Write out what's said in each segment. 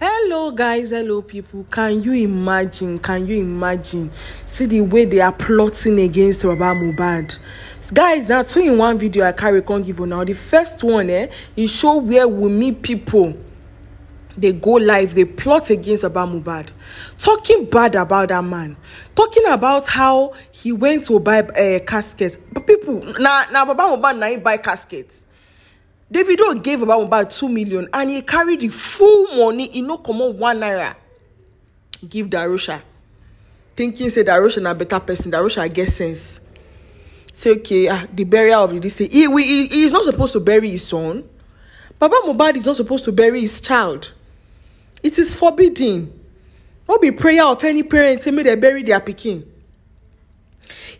hello guys hello people can you imagine can you imagine see the way they are plotting against baba mohbad guys na two in one video i carry come give una the first one eh e show where wunmi people dey go live dey plot against baba mohbad talking bad about dat man talking about how he went to buy uh, casket but people na na baba mohbad na him buy casket davido gave about about two million and he carry the full money He no comot one naira give Darusha, thinking say Darusha na better person darosha get sense say okay ah the burial of this thing he we he, is not supposed to bury his son baba mohbad is not supposed to bury his child it is forbidden no be prayer of any parent say make dem bury their pikin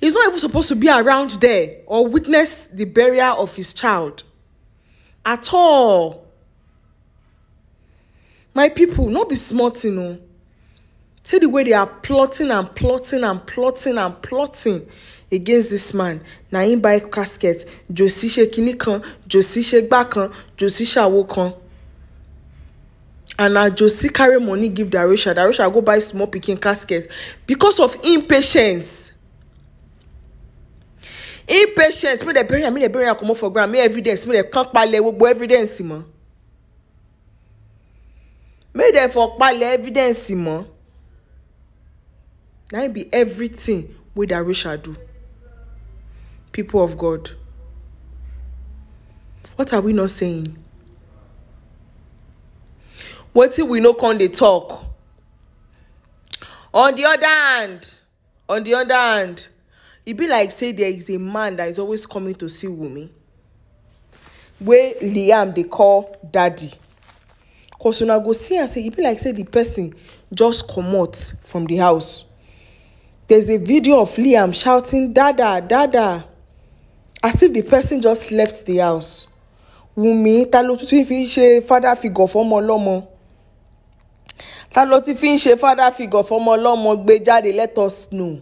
he's not even supposed to be around there or witness the burial of his child at all my people not be small thing o see the way they are plotting and plotting and plotting and plotting against this man na him buy casket josi ṣe kinní kan josi ṣe gbá kan josi and now Josie carry money give Darisha. Darisha go buy small picking casket because of impatience impatience mi dey bury am mi dey bury am comot for ground mi evidence mi dey kan palẹ̀ gbogbo evidence mọ́ mi dey for palẹ̀ evidence mọ́ na be everything wey Darosha do people of God what are we not saying wetin we no come dey talk on the other hand on the other hand e be like say there is a man that is always coming to see Wumi, wey liam dey call daddy cause una go see am say e be like say the person just comot from the house there's a video of liam shouting dada dada as if the person just left the house Wumi ta ló tún fi ṣe father figure fọmọ ọlọmọ ta ló ti fi ń ṣe father figure fọmọ ọlọmọ gbé jáde let us know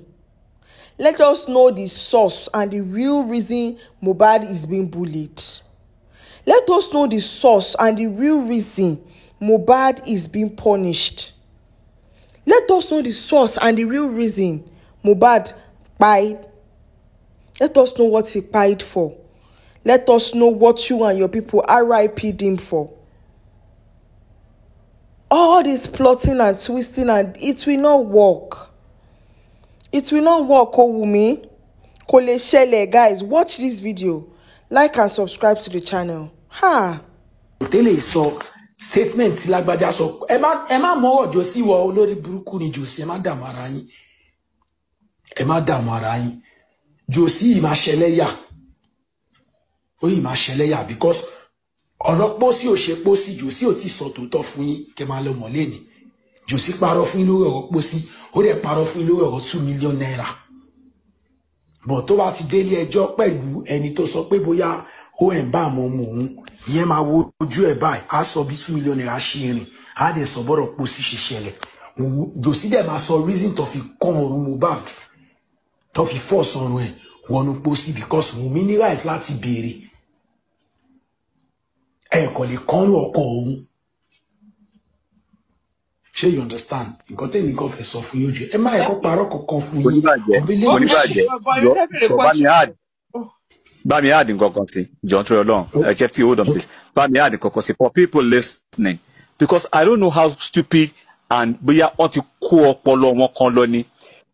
let us know the source and the real reason Mohbad is being bullied let us know the source and the real reason Mohbad is being punished let us know the source and the real reason Mohbad pied let us know what he pied for let us know what you and your people RIP him for all this plotting and twisting and it will not work it will not work o oh, wunmi kò lè ṣẹlẹ̀ guys watch this video like and subscribe to the channel. òtẹ́lẹ̀ sọ statement tí lágbájá sọ ẹ má ẹ má mọ́wọ́ jọ́sí wọ olórí burúkú ni jòsí ẹ má dààmú ara yín ẹ má dààmú ara yín jòsí yìí máa ṣẹlẹ́yà ó yìí máa ṣẹlẹ́yà because ọ̀rọ̀ pósí ò ṣe pósí jòsí ò ti sọ tòótọ́ fún yín kẹ́ máa lọ mọ̀ lẹ́ni jòsí parọ́ fún yín lórí ọ̀rọ̀ pósí ó dẹ̀ parọ́ fún ilé ọ̀rọ̀ two million naira bọ̀ tó bá ti délé ẹjọ́ pẹ̀lú ẹni tó sọ pé bóyá ó ẹ̀ ń bá àmọ́ ọmọ òun ìyẹn máa wo ojú ẹ̀ báyìí á sọ bí two million naira ṣe rìn á dẹ̀ sọ bọ́rọ̀ pò sí ṣe ṣẹlẹ̀ jòsí dẹ̀ máa sọ reason tó fi kán ọ̀run Mohbad tó fi fọ́ sọ̀run ẹ̀ wọnú pósí because Wunmi ní right láti béèrè ẹ̀ kò lè kán ọkọ̀ òun ṣé you understand nǹkan tẹ́yìn kan fẹ́ sọ fún yín ojú ẹ má ẹ̀kọ́ parọ́ kankan fún yín oníbàjẹ́ oníbàjẹ́ yọ bá mi add bá mi add nǹkan kan John three ọlọ́run oh. ẹ jẹ́ tí hold on please bá mi add nǹkan kan for people listening because I don't know how stupid and bóyá wọ́n ti kó ọpọlọ wọn kan lọ ni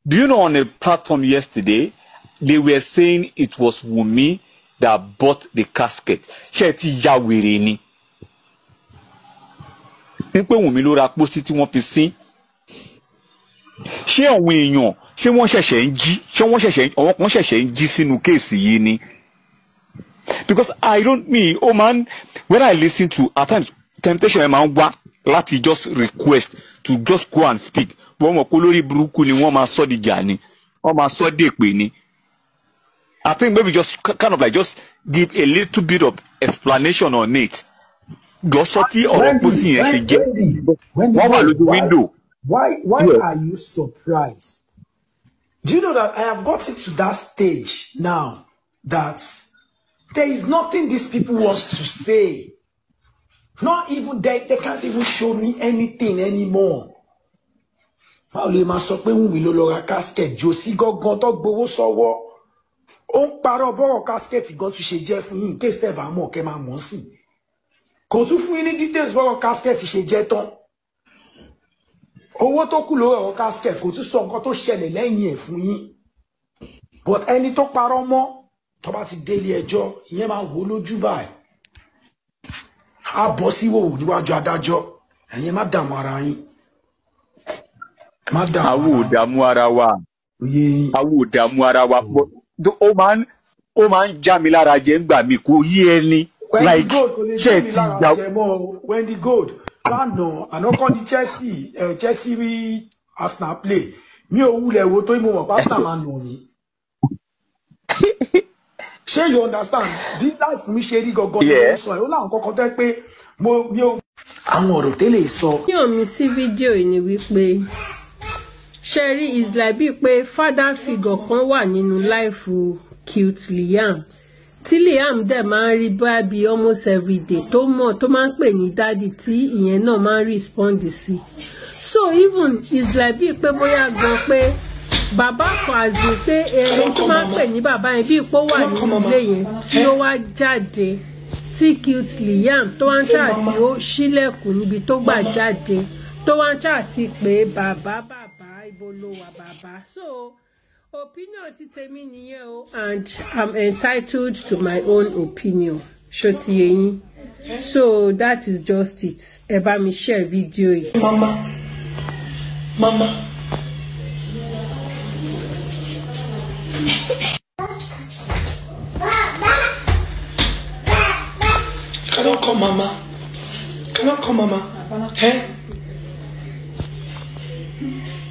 do you know on a platform yesterday they were saying it was Wunmi that bought the casket ṣé ẹ ti ya wèrè ni wípé Wùnmí ló ra pósí tí wọ́n fi sín ṣé àwọn èèyàn ṣé wọ́n ṣẹ̀ṣẹ̀ ń jí ṣé wọ́n ṣẹ̀ṣẹ̀ ọ̀wọ́n kan ṣẹ̀ṣẹ̀ ń jí sínú kéèsì yìí ni because I don't mean o man when I listen to at times temptation ẹ̀ máa ń wá láti just request to just go and speak wọ́n mọ̀ pé lórí burúkú ni wọ́n máa sọ́ di jà ni wọ́n máa sọ́ di èpè ni I think maybe just kind of like just give a little bit of explanation on it jọ sọ tí ọ̀rọ̀ pósí yẹn ṣe jẹ́ wọ́n wà lójú window. Why why yeah. are you surprised? Do you know that I have gotten to that stage now that there is nothing these people want to say. Not even they, they can't even show me anything anymore. Báwo lè sọ pé Wùmí ló lọ ra casket jò sí gángan tó gbowó sọ́wọ́? Ó ń parọ́ bọ́rọ̀ casket gan tún ṣe jẹ́ fún yín in case tẹ̀ bá mọ̀ kẹ́ máa mọ̀ sí i kò tún fún yín ní details bọ́wọ́ casket ṣe jẹ́ tán owó tó kù lórí àwọn casket kò tún sọ nǹkan tó ṣẹlẹ̀ lẹ́yìn ẹ̀ fún yín but ẹni tó parọ́ mọ́ tó bá ti délé ẹjọ́ ìyẹn máa wò lójú báyìí á bọ́ sí wòwò níwájú adájọ́ ẹ̀yin má dààmú ara yín má dààmú ara yín. àwọn dààmú ara wa àwọn dààmú ara wa ó máa ń já mi lára jẹ́ ń gbà mí kò yé ẹni. Wendy like, Gold kò lè jẹ́ mi lára jẹ̀mọ́ o Wendy Gold lánàá àná kọ́ ni Chelsea eh, Chelsea rí Arsenal play mi ò wulẹ̀ wo tó ìmọ̀ wọ̀ pásítà máa nù mí. ṣé you understand bí life mi ṣe rí gangan ni mo sọ ẹ ó láwọn kọkàn tẹ pé mo mi ò. àwọn ọ̀rọ̀ tẹ́lẹ̀ sọ. ní omi sí fídíò yìí ni wípé Sherry is like bíi pé father figure kan wà nínú láìfù cute Liam tí Liam dẹ̀ máa ń rí báàbí almost everyday tó mọ̀ tó máa ń pè ní dádì tí ìyẹn náà máa ń respond sí so even is like bíi pé bóyá gan pé bàbá kan àzìn pé ẹni tó máa ń pè ní bàbá yẹn bíi pé ó wà nínú ilé yẹn tí ó wá jáde tí cute Liam tó wá ń tà tí ó ṣílẹ̀kùn níbi tó gbà jáde tó wá ń tà tí pé bàbá bàbá ibo ló wà bàbá so opinion ti tèmi nìyẹn o and i'm entitled to my own opinion ṣó so that is just it ẹ bá mi share video. yìí. mama mama. Can I call mama? Can I call mama? Eh?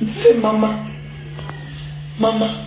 Say mama. Mama,